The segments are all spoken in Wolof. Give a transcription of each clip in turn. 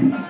Thank you.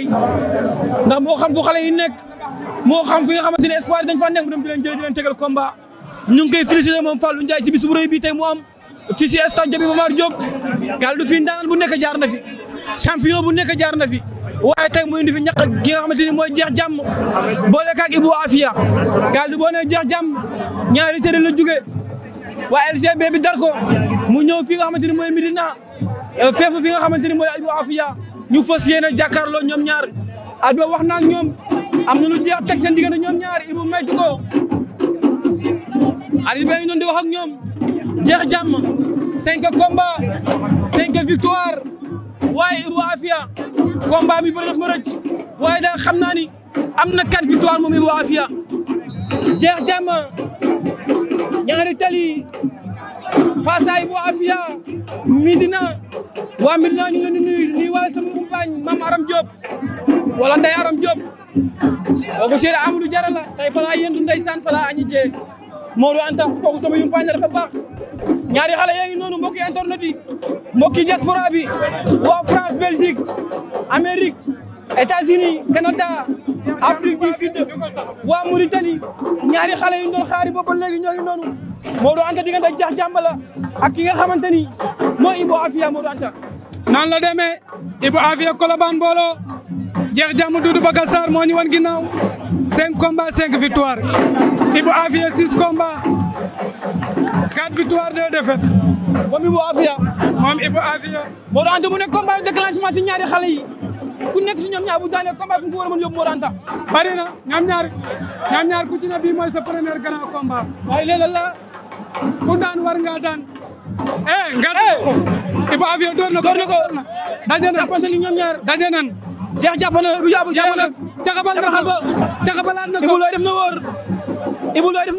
Ndiaye ndax moo xam fu xale yi nekk moo xam fi nga xamante ne espoir dañ fa nekk mu dem di leen jëlee di leen tegal combat ñu ngi koy félicité moom Fallou Ndiaye si bis bi tey mu am fii si stade Jabi Mamar Diop Kaldu fii ndaanaan bu nekk jaar na fi champion bu nekk jaar na fi waaye tey mu indi fi ñaq gi nga xamante ni mooy jeex jàmm boole kaak Ibou Afia Kaldu boo nee jeex jàmm ñaari tëri la jóge waa LCB bi dar ko mu ñëw fii nga xamante ni mooy Medina euh, feefu fi nga xamante ni mooy Ibou Afia ñu fas yéene jàkkaarloo ñoom ñaar at ba wax na ak ñoom am na lu jeex teg seen diggante ñoom ñaar Ibou maytu ko at yi ba noonu di wax ak ñoom jeex jàmm cinq combat cinq victoire waaye Ibou Afia combat mi bëri daf ma rëcc waaye da xam naa ni am na quatre victoire moom Ibou Afia jeex jàmm ñaari tali face à Ibou Afia Medina waa Médina ñu ngi leen di nuyu di nuyu wala sama compagne Mame Aram Diop wala Ndeye Aram Diop kooku Cheikh Amadou Diarra la tey fa laa yëndu ndeysaan fa laa añi jee Modou Anta kooku sama yumpaañ la dafa baax ñaari xale yaa ngi noonu mbokki internet mbokki diaspora bi France Belgique Amérique États-Unis Canada Afrique du Sud waa Mauritanie ñaari xale yu ñu xaari boobu léegi ñoo ngi noonu Modou Anta diggante jax jàmm la ak nga xamante ni moo Ibo Afia Modou Anta nan la demee Ibou Afia Colobane mbooloo jeex jàmm Doudou Baka Sarr moo ñu wan cinq combats cinq victoire Ibou Afia six combats quatre victoire deux défaites. moom Ibou Afia. moom Ibou Afia. moo daan mu nekk combat de déclenchement ñaari xale yi ku nekk si ñoom ñaar bu daanee combat fu mu ko war a mën yóbbu moo daan tax. ku ci ne bii mooy sa premier grand combat. ku daan war ngaa daan. eh Ngade eh! Ibou Afia door na ko door na ko daje nan jeex jàpp na du jàpp jàpp looy def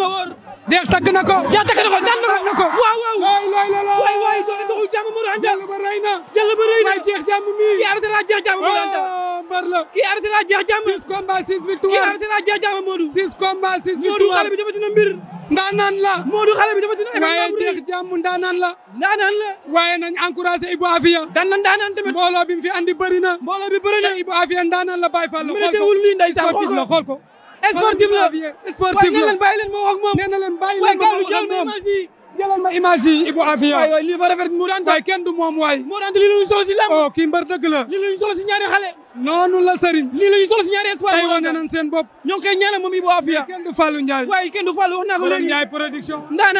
na wóor jeex takk na ko jeex takk na ko daan na ko waaw waaw waay waay waay waay doxul jàmm mu jeex jàmm mi mbër la. kii arrêté naa jeex jàmm. six combats six victoire kii arrêté naa jeex jàmm Modou. six combats six victoire Modou xale bi dafa dina mbir. ndaanaan la. Modou xale bi dafa dina événement waaye la. waaye nañ encouragé Ibou Afia. daan na ndaanaan tamit. mbooloo bi fi andi bëri na. mbooloo bi bëri na te Ibou Afia la xool ko lii la xool la sportif la jëlal ma image yi Ibou Afia waay waay lii fa kenn du moom waay moo daan lii lañu solo si lamb oh kii mbër dëgg la lii lañu solo la sëriñ lii lañu solo si ñaari espoir tey wane seen bopp ñoo ngi koy ñaanal moom Ibou Afia kenn du Fallou Ndiaye waay kenn du Fallou wax naa ko